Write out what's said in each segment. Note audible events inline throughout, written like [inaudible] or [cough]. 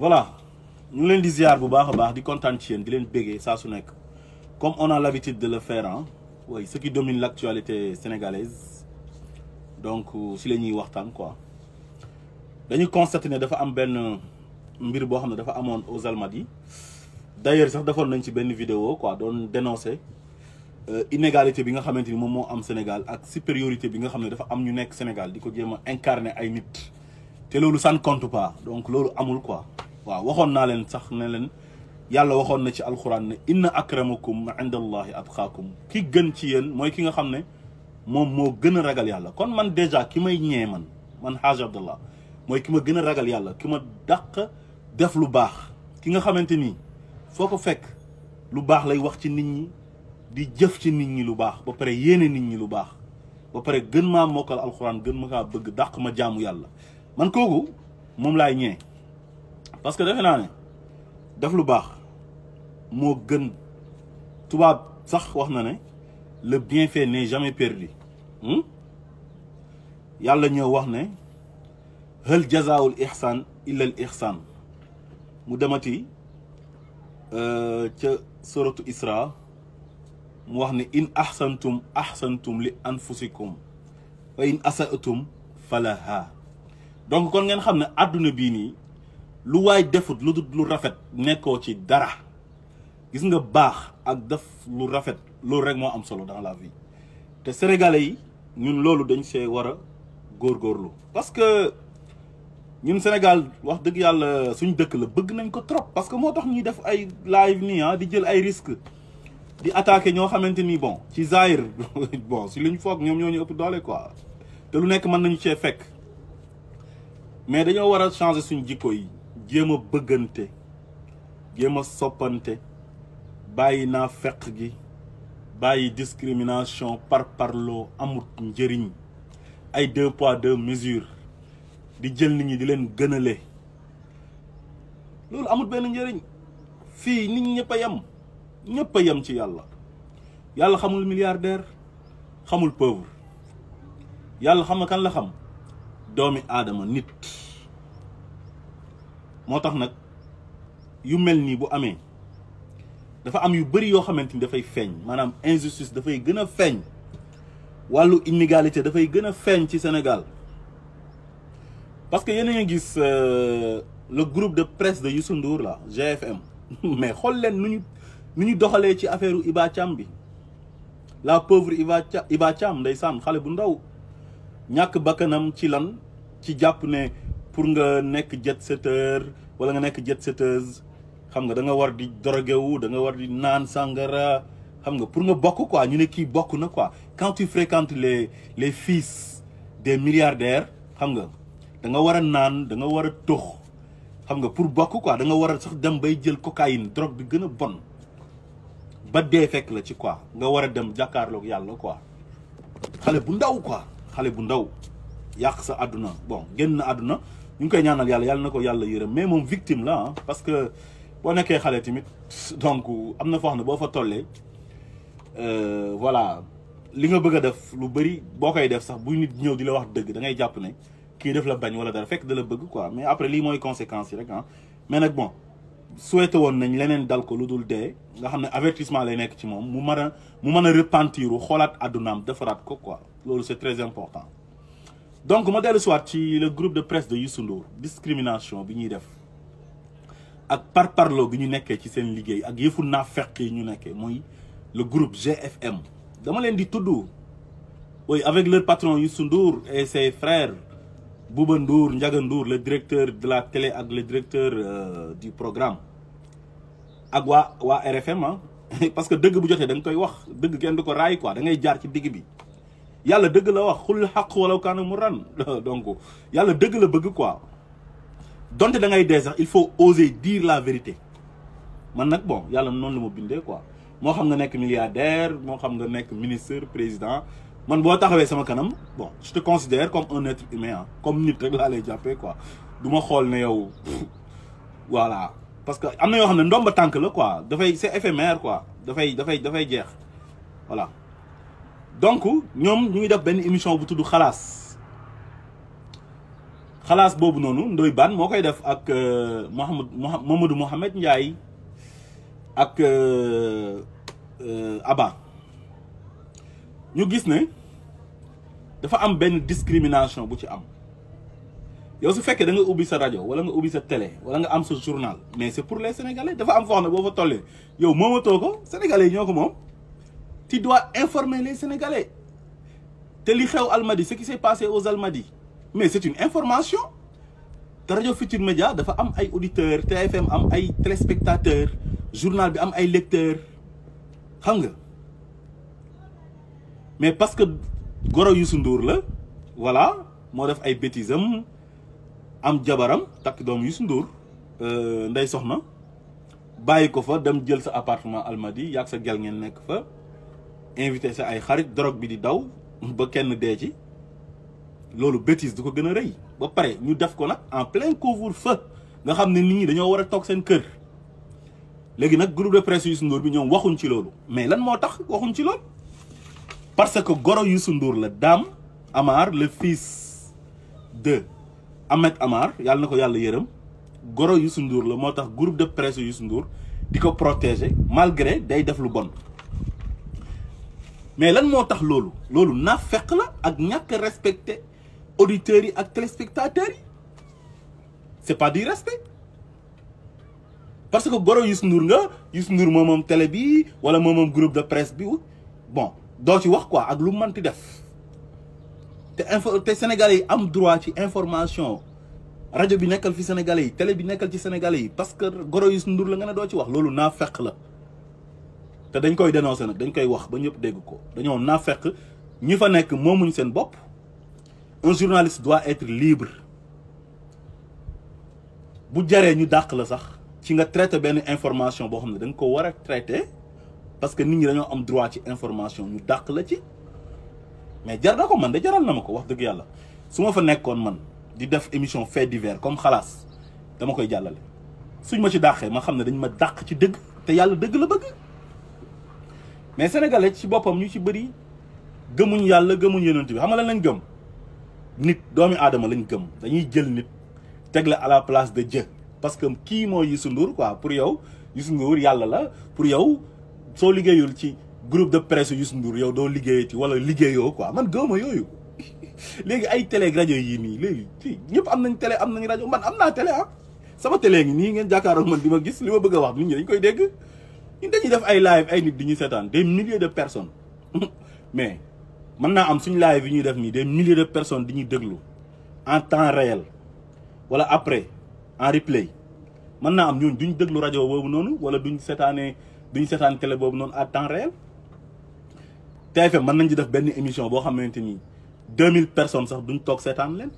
voilà ñu leen di ziar bu baax a baax di kontaan ci di leen bégee saa su nekk comme on a l'habitude de le faire ah oui ce qui domine l'actualité sénégalaise donc ci euh, la ñuy waxtaan quoi dañu constaté dafa am benn mbir boo xam ne dafa amoon aux Almadies d'ailleurs sax defoon nañ ci benn vidéo quoi doon dénoncer euh, inégalité bi nga xamante ni moom moo am Sénégal ak supériorité bi nga xam ne dafa am ñu nekk Sénégal di ko jéem a incarner ay nit te loolu ça ne compte donc loolu amul quoi waaw waxoon naa leen sax ne leen yàlla waxoon na ci alxuraan ne inna akramakum inda allahi atqaakum ki gën ci yéen mooy ki nga xam ne moom moo gën a ragal yàlla kon man dèjà ki may ñee man man xaaj abdallah mooy ki ma gën a ragal yàlla ki ma dàq def lu baax ki nga xamante nii foo ko fekk lu baax lay wax ci nit ñi di jëf ci nit ñi lu baax ba pare yéene nit ñi lu baax ba pare gën maa mokkal alxuraan gën ma kaa bëgg dàq ma jaamu yàlla man kooku moom laay ñee parce que defe naa ne def lu baax moo gën tubaab sax wax na ne le bienfait n'est jamais perdu hmm? yàlla ñoo wax ne hal jazaawul ihsan illal ihsan mu demati euh, ca suratu isra mu wax ne in ahsantum ahsantum li anfusikum wa in asa'tum falaha donc kon ngeen xam ne àdduna bii nii lu waay defut lu dut lu rafet nekkoo ci dara gis nga baax ak def lu rafet loolu rek moo am solo dans la vie te sénégalais yi ñun loolu dañ see war a góorlu parce que ñun Sénégal wax dëgg yàlla suñ dëkk la bëgg nañ ko trop parce que moo tax ñuy def ay live nii ah di jël ay risque di attaqué ñoo xamante ni bon ci Zaire [laughs] bon si li ñu foog ñoom ñoo ñu ëpp doole quoi te lu nekk mën nañu cee fekk mais dañoo war changé changer suñu jikko yi jéem bëggante jéem a soppante bàyyi naa feq gi bàyyi discrimination par parloo amut njëriñ ay deux poids deux mesures di jël nit ñi di leen gënale loolu amut benn njëriñ fii nit ñëpp a yem ñëpp a yem ci yàlla yàlla xamul milliardaire xamul pauvre yàlla xam na kan la xam doomi aadama nit moo tax nag yu mel nii bu amee dafa am yu bëri yoo xamante ni dafay feeñ maanaam injustice dafay gën a feeñ wàllu inégalité dafay gën a feeñ ci Sénégal parce que yéen a ngi gis euh, le groupe de presse de Youssou Ndour là GFM [laughs] mais xool leen nu ñu nu ñu doxalee ci affaire Iba bi la pauvre Iba Iba Thiam ndeysaan xale bu ndaw ñàkk bakkanam ci lan ci jàpp ne pour nga nekk jet setteur wala nga nekk jet setteuse xam nga da nga war di drogué wu da nga war di naan sàngara xam nga pour nga bokk quoi ñu ne kii bokk na quoi quand tu fréquentes les les fils des milliardaires xam nga da nga war a naan danga war a tox xam nga pour bokk quoi danga war a sax dem bay jël cocaïne drogue bi gën a bon ba dee fekk la ci quoi nga war a dem jàkkaarlook yàlla quoi xale bu ndaw quoi xale bu ndaw yàq sa àdduna bon génn àdduna ñu ngi koy ñaanal yàlla yàlla na ko yàlla yërëm mais moom victime la parce que boo nekkee xale tamit donc am na foo xam ne boo fa tollee euh, voilà li nga bëgg a def lu bëri boo koy def sax bu nit ñëw di la wax dëgg da ngay jàpp ne kii def la bañ wala dara fekk da la bëgg quoi mais après lii mooy conséquence yi rek ah mais nag bon souhaité woon nañ leneen dal ko lu dul dee nga xam ne avertissement lay nekk ci moom mu mën a mu mën a repentir xoolaat àddunaam defaraat ko quoi loolu c'est très important donc ma dellu siwaat ci le groupe de presse de Youssou Ndour discrimination bi ñuy def ak par parparloo bi ñu nekkee ci seen liggéey ak yëfu naafeq yi ñu nekkee mooy le groupe GFM dama leen di tudd oui avec leur patron Youssou Ndour et ses frères Bouba Ndour Ndiaga Ndour le directeur de la télé ak le directeur euh, du programme ak waa waa RFM ah [laughs] parce que dëgg bu jotee da nga koy wax dëgg kenn du ko raay koi da ngay jaar ci digg bi yàlla dëgg la wax xul xaq walaw kaana mu ran [laughs] donc yàlla dëgg la bëgg quoi donte da ngay dee sax il faut oser dire la vérité man nag bon yàlla noonu la ma bindee quoi moo xam nga nekk milliardaire moo xam nga nekk ministre président man boo taxawee sama kanam bon je te considère comme un être humain comme nit rek laa lay jàppee quoi duma xool ne yow [laughs] voilà parce que am na yoo xam ne ndomba tànk la quoi dafay c'est éphémère quoi dafay dafay dafay jeex voilà donc ñoom ñu ngi def benn émission bu tudd xalaas xalaas boobu noonu Ndoye ban moo koy def ak euh, Mouhamad Mamadou Mouhamed Ndiaye ak euh, euh, Abba ñu gis ne dafa am benn discrimination bu ci am yow su fekkee da nga ubbi sa rajo wala nga ubbi sa télé wala nga am sa journal mais c'est pour les sénégalais dafa am foo xam ne boo fa tollee yow moomatoo ko sénégalais yi ñoo ko moom. tu doit informer les Sénégalais te li xew Almadies ce qui s'est passé aux Almadies mais c'est une information te rajo Futur Média dafa am ay auditeurs TFM am ay téléspectateurs journal bi am ay lecteur xam nga mais parce que goro Youssou nduur la voilà moo def ay bêtises am am jabaram takk doom Youssou Ndour euh, ndey soxna bàyyi ko fa dem jël sa appartement Almadies yàgg sa gel ngeen nekk fa invité sa ay xarit drogue bi di daw ba kenn dee ci loolu bêtise du ko gën a rëy ba pare ñu def ko nag en plein couvre-feu nga xam ne nit ñi dañoo war a toog seen kër léegi nag groupe de presse Youssou Ndour bi ñoom waxuñ ci loolu mais lan moo tax waxuñ ci loolu parce que goro Youssou Ndour la daam Amar le fils de Ahmed Amar yàlla na ko yàlla yërëm goro Youssou Ndour la moo tax groupe de presse Youssou Ndour di ko protéger malgré day def lu bon mais lan moo tax loolu loolu na fekk la ak ñàkk respecté auditeurs yi ak téléspectateurs yi c'est pas du respect parce que goro Youssou Ndour nga Youssou Ndour moom moom télé bi wala moom moom groupe de presse bi bon doo ci wax quoi ak lu mënti def te info te sénégalais yi am droit ci information rajo bi nekkal fi sénégalais yi télé bi nekkal ci sénégalais yi parce que goro Youssou Ndour la nga ne doo ci wax loolu naa fekk la te dañ koy dénoncer nag dañ koy wax ba ñëpp dégg ko dañoo naa fekk ñi fa nekk moomuñ seen bopp un journaliste doit être libre bu jaree ñu dàq la sax ci nga traité benn information boo xam ne da ko war a traité parce que nit ñi dañoo am droit ci information ñu dàq la ci mais jar na ko man de jaral na ma ko wax dëgg yàlla su ma fa nekkoon man di def émission fait divers comme xalaas dama koy jàllale suñ ma ci dàqee ma xam ne dañ ma dàq ci dëgg te yàlla dëgg la bëgg mais sénégalais ci boppam ñu ci bëri gëmuñ yàlla gëmuñ yonent bi xam nga lan lañ gëm nit doomi aadama lañ gëm dañuy jël nit teg la à la place de Dieu parce que kii mooy Youssou Ndour quoi pour yow Youssou Ndour yàlla la pour yow soo liggéeyul ci groupe de presse Youssou Ndour yow doo liggéeyati wala liggéeyoo quoi man gëwma yooyu [laughs] léegi ay télé rajo yii nii léegi ñëpp am nañ tele am nañ rajo man am naa télé ah sama télé ngi nii ngeen jàkkaaroog man di ma gis li ma wax nit ñi koy dégg ñun dañuy def ay live ay nit di ñu seetaan des milliers de personnes [laughs] mais mën naa am suñ live yi ñuy def nii des milliers de personnes di ñuy déglu en temps réel wala après en replay mën naa am ñun duñ déglu rajo boobu noonu wala duñ seetaanee duñ seetaan télé boobu noonu en temps réel TFM mën nañ ci def benn émission boo xamante ni mille personnes sax duñ toog seetaan leen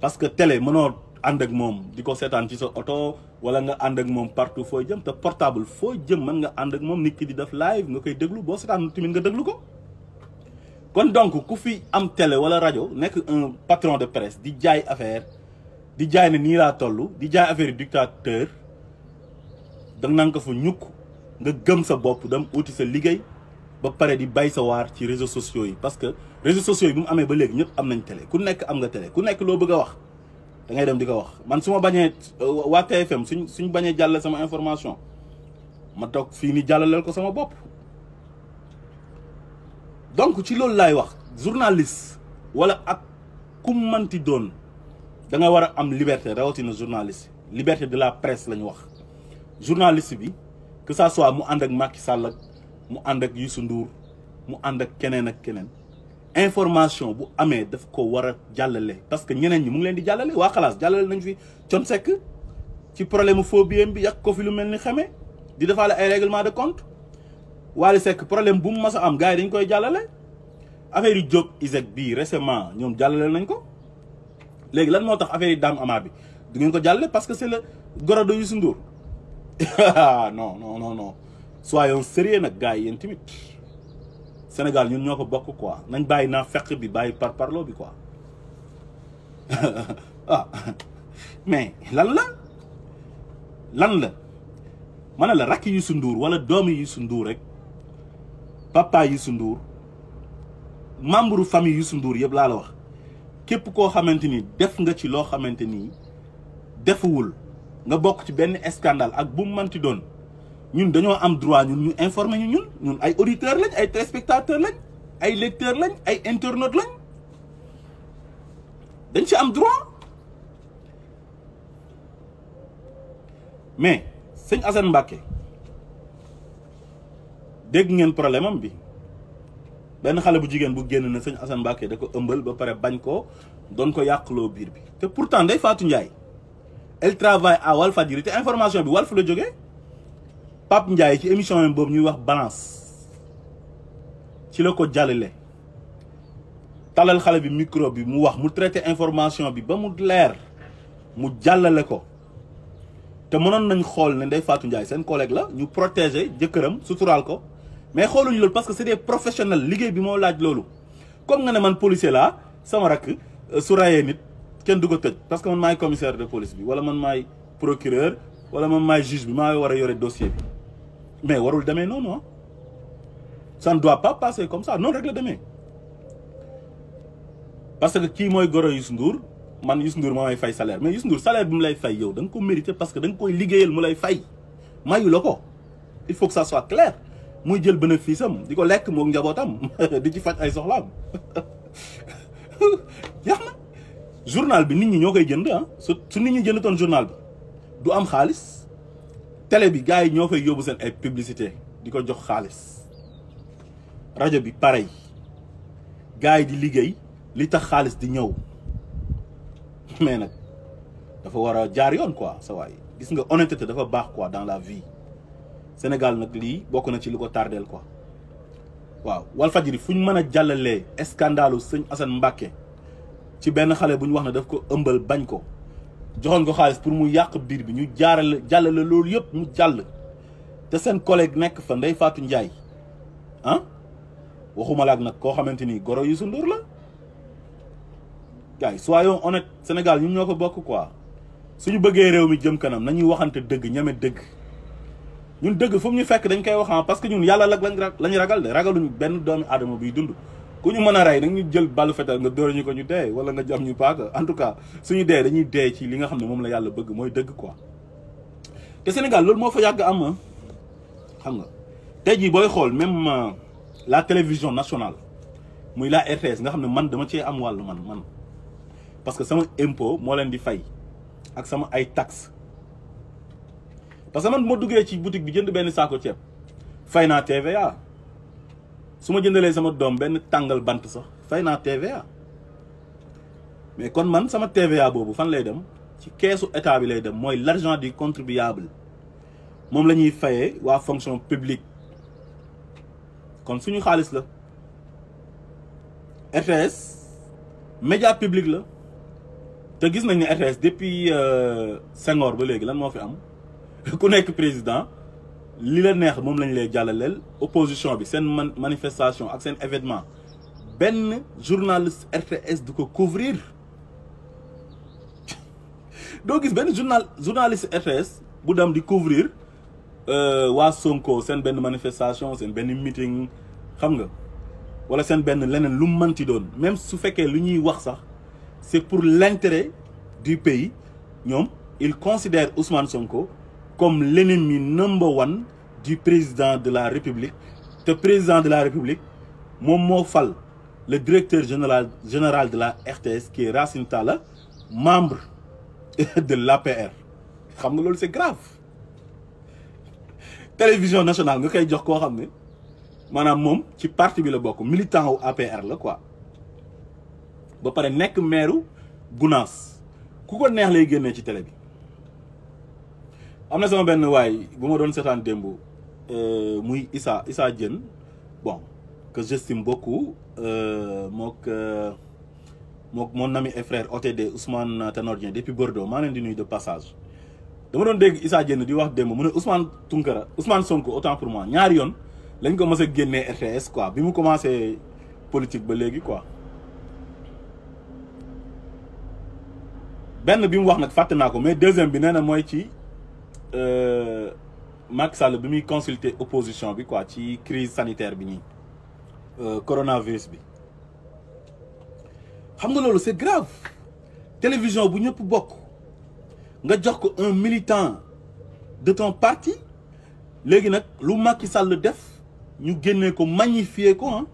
parce que télé mënoo ànd ak moom di ko seetaan ci sa oto. wala nga ànd ak moom partout foo jëm te portable foo jëm mën nga ànd ak moom nit ki di def live nga koy déglu boo seetaan tamit nga déglu ko. kon donc ku fi am télé wala rajo nekk un patron de presse di jaay affaire di jaay ne nii laa toll di jaay affaire dictateur danga naan ko fa ñukk nga gëm sa bopp dem uti sa liggéey ba pare di bay sa waar ci réseaux sociaux yi parce que réseaux sociaux yi bi mu amee ba léegi ñëpp am nañ télé ku nekk am nga télé ku nekk loo bëgg a wax. da ngay dem di ko wax man su ma bañee euh, waa TFM suñ suñ bañee jàll sama information ma toog fii ni jàllaleel ko sama bopp donc ci loolu laay wax journaliste wala ak ku manti doon da nga war a am liberté rawatina journaliste liberté de la presse la ñu wax journaliste bi que ça soit mu ànd ak Macky Sall ak mu ànd ak Youssou nduur mu ànd ak keneen ak keneen information bu amee daf ko war a jàllale parce que ñeneen ñi mu ngi leen di jàllale waa xalaas jàllale nañ fi con sekk ci problème mu phobie bi yàq ko fi lu mel ni xamee di defaale ay règlement de compte Wally Seck problème bu mu mas a am gars yi dañ koy jàllale affaire yu jóg ISEC bii récemment ñoom jàllale nañ ko léegi lan moo tax affaire yi daam amaa bi du ngeen ko jàllale parce que c'est le goro de Youssou Ndour [laughs] ah, non non non non soyons sérieux nag gars yi yéen tamit Sénégal ñun ñoo ko bokk quoi nañ bàyyi naa fekk bi bàyyi par parloo bi quoi [laughs] ah mais lan la lan la ma ne la rakk Youssou sunduur walla doomi Youssou sunduur rek papa yi sunduur membre famille Youssou sunduur yëpp laa la wax képp koo xamante ni def nga ci loo xamante ni defuwul nga bokk ci benn scandale ak bu mu manti doon ñun dañoo am droit ñun ñu informer ñu ñun ñun ay auditeurs lañ ay téléspectateurs lañ ay lecteurs lañ ay internautes lañ dañ ci am droit mais sëñ Assane Mbacke dégg ngeen problème am bi benn xale bu jigéen bu génn na sëñ Assane Mbacke da ko ëmbal ba pare bañ ko doon ko yàqloo biir bi te pourtant day Fatou Ndiaye elle travaille à Walfadjri te information bi fu la jógee. Pape Ndiaye ci émission yi boobu ñuy wax balance ci la ko jàllale talal xale bi micro bi mu wax mu traité information bi ba mu leer mu jàllale ko te mënoon nañ xool ne Ndeye Fatou Ndiaye seen collègue la ñu protéger jëkkëram suturaal ko mais xooluñu loolu parce que c'est des professionnels liggéey bi moo laaj loolu comme nga ne man policier laa sama rakk euh, su rayee nit kenn du ko tëj parce que man maay commissaire de police bi wala man maay procureur wala man maay juge bi maa war a yore dossier bi mais warul demee noonu ah ça doit pas passer comme ça noonu rek la demee parce que kii mooy goro Youssou Ndour man Youssou Ndour moo may fay saleer mais Youssou Ndour salaire bi mu lay fay yow da ko mérité parce que da koy liggéeyal mu lay fay mayu la ko il faut que ça soit clair muy jël bénéfice am di ko lekk moog njabootam [laughs] di ci faj ay soxlaam yax [laughs] na journal bi nit ñi ñoo koy jënd ah su nit ñi jënd toon journal bi du am xaalis télé bi gaa yi ñoo fay yóbbu seen ay publicité di ko jox xaalis rajo bi pareil gars yi di liggéey li tax xaalis di ñëw mais nag dafa war a jaar yoon quoi sa waay gis nga honnêteté dafa baax quoi dans la vie Sénégal nag lii bokk na ci lu ko tardeel quoi waaw Walfadjri fu ñu mën a jàllalee scandalu sëñ Assane Mbacke ci benn xale bu ñu wax ne daf ko ëmbal bañ ko joxoon ko xaalis pour mu yàq biir bi ñu jaarale jàllale loolu yëpp mu jàll te seen collègue nekk fa Ndeye Fatou Ndiaye ah waxuma laak nag koo xamante ni goro Youssou Ndour la gars yi soyons honnêtes Sénégal ñun ñoo ko bokk quoi suñu bëggee réew mi jëm kanam ñuy waxante dëgg ñeme dëgg ñun dëgg fu mu ñu fekk dañ koy wax ah, parce que ñun yàlla la lañ ragal de ragaluñu benn doomi aadama biy dund ku ñu mën a rey nag ñu jël ballu fetal nga dóor ñu ko ñu dee wala nga jam ñu paaka en tout cas suñu dee dañuy dee ci li nga xam ne moom la yàlla bëgg mooy dëgg quoi te Sénégal loolu moo fa yàgg am ah. xam nga tey jii booy xool même ah, la télévision national muy la RTS nga xam ne man dama cee am wàllu man man parce que sama impo moo leen di fay ak sama ay tax parce que man bu ma duggee ci boutique bi jënd benn saako ceeb fay naa TVA su ma jëndalee sama doom benn tàngal bant sax fay naa TVA mais kon man sama TVA boobu fan lay dem ci keesu état bi lay dem mooy l'argent du contribuable moom la ñuy fayee waa fonction publique kon suñu xaalis la RTS média publique la te gis nañ ne RTS depuis euh, Senghor ba léegi lan moo fi am [laughs] ku nekk président li la neex moom lañu lay jàllaleel opposition bi seen man manifestation ak seen événement benn journaliste RTS du ko couvrir [laughs] doo gis benn journal journaliste RTS bu dem di couvrir euh, waa Sonko seen benn manifestation seen benn meeting xam nga wala seen benn leneen lu manti doon même su fekkee lu ñuy wax sax c'est pour l'intérêt du pays ñoom ils considèrent Ousmane Sonko comme l'ennemi number one du président de la république te président de la république moom moo fal le directeur général général de la RTS qui rasinta la Talla membre [laughs] de l'APR xam nga loolu c'est grave télévision nationale nga koy jox koo xam ne maanaam moom ci parti bi la bokk militant wu APR la quoi ba pare nekk maire Gounass ku ko neex lay génne ci télé bi am na sama benn waay bu ma doon seetaan démb euh, muy Issa Issa Diène bon que j'estime beaucoup euh, mook euh, mook mon ami et frère OTD Ousmane Tanor Dieng depuis Bordeaux maa leen di nuyu de passage dama doon dégg Issa Diène di wax démb mu ne Ousmane Tounkara Ousmane Sonko autant pour moi ñaari yoon lañ ko mës a génnee RTS quoi bi mu commencé politique ba léegi quoi benn bi mu wax nag fàtte naa ko mais deuxième bi nee na mooy ci Euh, Macky Sall bi muy consulter opposition bi quoi ci crise sanitaire bi nii euh, coronavirus bi xam nga loolu c'est grave télévision bu ñëpp bokk nga jox ko un militant de ton parti léegi nag lu Macky Sall def ñu génnee ko magnifier ko ah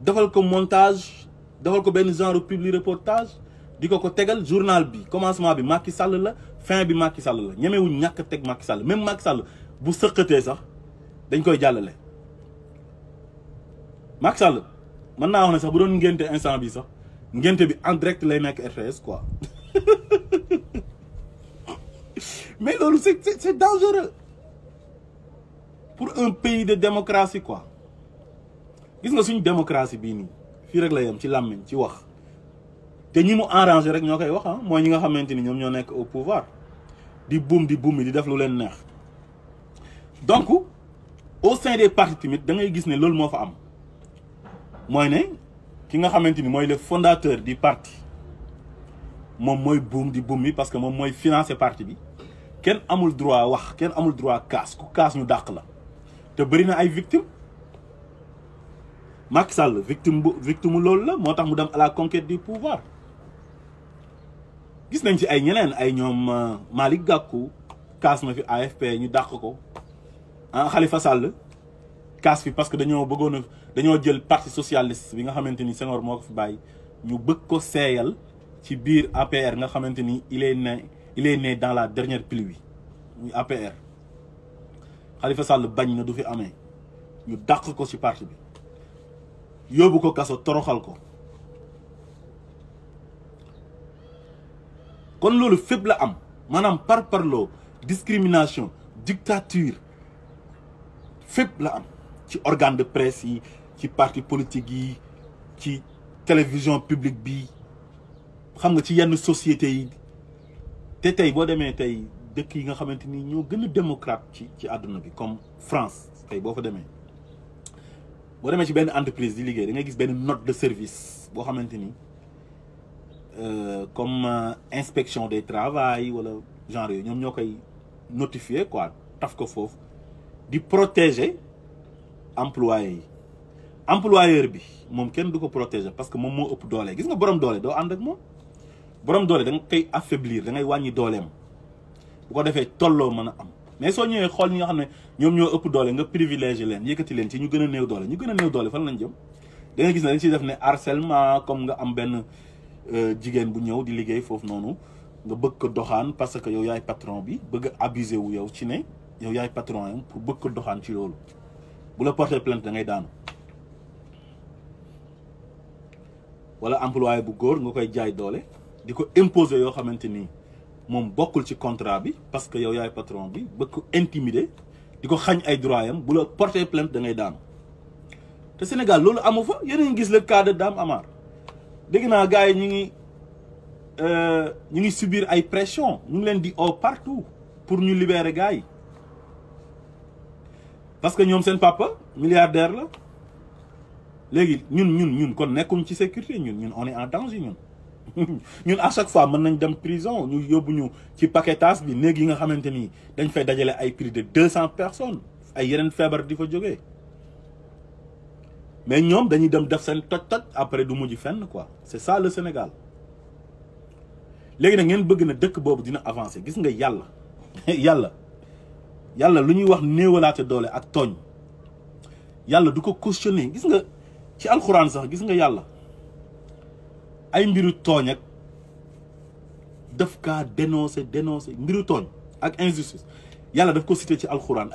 defal ko montage defal ko benn genre publi reportage di ko ko tegal journal bi commencement bi Macky Sall la fin bi Macky Sall la ñemewuñ ñàkk teg Macky Sall même Macky Sall bu sëqatee sax dañ koy jàllale. Macky Sall mën naa wax ne sax bu doon ngénte instant bi sax ngénte bi en direct lay nekk RTS quoi [laughs] mais loolu c'est c'est dangereux pour un pays de démocratie quoi gis nga suñ démocratie bii nii fii rek la yem ci làmmiñ ci wax te ñi mu arrangé rek ñoo koy wax ah mooy ñi nga xamante ni ñoom ñoo nekk au pouvoir di buum di buum yi di def lu leen neex donc au sein des partis tamit da ngay gis ne loolu moo fa am mooy ne ki nga xamante ni mooy le fondateur di parti moom mooy buum di buum yi parce que moom mooy financer parti bi kenn amul droit wax kenn amul droit kaas ku kaas ñu dàq la te bëri na ay victimes Macky Sall victime bu victime loolu la moo tax mu dem à la di du pouvoir gis nañ ci ay ñeneen ay ñoom euh, Malick gàkku kaas na fi AFP ñu dàq ko ah xalifa Sall kaas fi parce que dañoo bëggoon dañoo jël parti socialiste bi nga xamante ni Senghor moo ko fi bàyyi ñu bëgg ko seeyal ci biir APR nga xamante ni il est né il dans la dernière pluie muy APR Khalifa Sall bañ na du fi amee ñu dàq ko ci parti bi yóbbu ko kaso toroxal ko. kon loolu fépp la am maanaam par par parloo discrimination dictature fépp la am ci organe de presse yi ci parti politique yi ci télévision publique bi xam nga ci yenn société yi te tey boo demee tey dëkk yi nga xamante ni ñoo gën a démocrate ci ci àdduna bi comme France tey boo fa demee boo demee ci benn entreprise di liggéey da ngay gis benn note de service boo xamante ni Euh, comme euh, inspection des travail wala genre yooyu ñoom ñoo koy notifier quoi taf ko foofu di protéger employé yi employeur bi moom kenn du ko protéger parce que moom moo ëpp doole gis nga borom doole doo ànd ak moom borom doole da nga koy affaiblir da wàññi dooleem bu ko defee tolloo mën a am mais soo ñëwee xool ñi nga xam ne ñoom ñoo ëpp doole nga privilégié leen yëkkati leen ci ñu gën a néew doole ñu gën a néew doole fan lañ jëm da nga gis ne dañ ciy def ne comme nga am benn Euh, jigéen bu ñëw di liggéey foofu noonu nga bëgg ko doxaan parce que yow yaay patron bi bëgg abusé wu yow ci ne yow yaay patron yam pour bëgg ko doxaan ci loolu bu la porter plainte da ngay daanu wala employé bu góor nga koy jaay doole di ko imposer yoo xamante ni moom bokkul ci contrat bi parce que yow yaay patron bi bëgg ko di ko xañ ay droit yam bu la porter plainte da ngay daanu te Sénégal loolu amu fa yeneen gis le cas de Dame Amar dégg naa gars yi ñu ngi euh, ñu ngi subir ay pression ñu ngi leen di oo partout pour ñu libere gars yi parce que ñoom seen papa milliardaire la léegi ñun ñun ñun kon nekkuñ ci sécurité ñun ñun on est en danger ñun [laughs] ñun à chaque fois mën nañ dem prison ñu yóbbu ñu ci paquetage bi néeg yi nga xamante ni dañ fay dajale ay prix de deux cent personnes ay yeneen feebar di fa jógee mais ñoom dañuy dem def seen toj-toj après du mujj fenn quoi c'est ça le Sénégal léegi nag ngeen bëgg na dëkk boobu dina avancer gis nga yàlla [laughs] yàlla yàlla lu ñuy wax néewalaate doole ak tooñ yàlla du ko cautionner gis nga ci alxuraan sax gis nga yàlla ay mbiru tooñ ak daf kaa dénoncer dénoncer mbiru tooñ ak injustice yàlla daf ko cité ci alxuraan.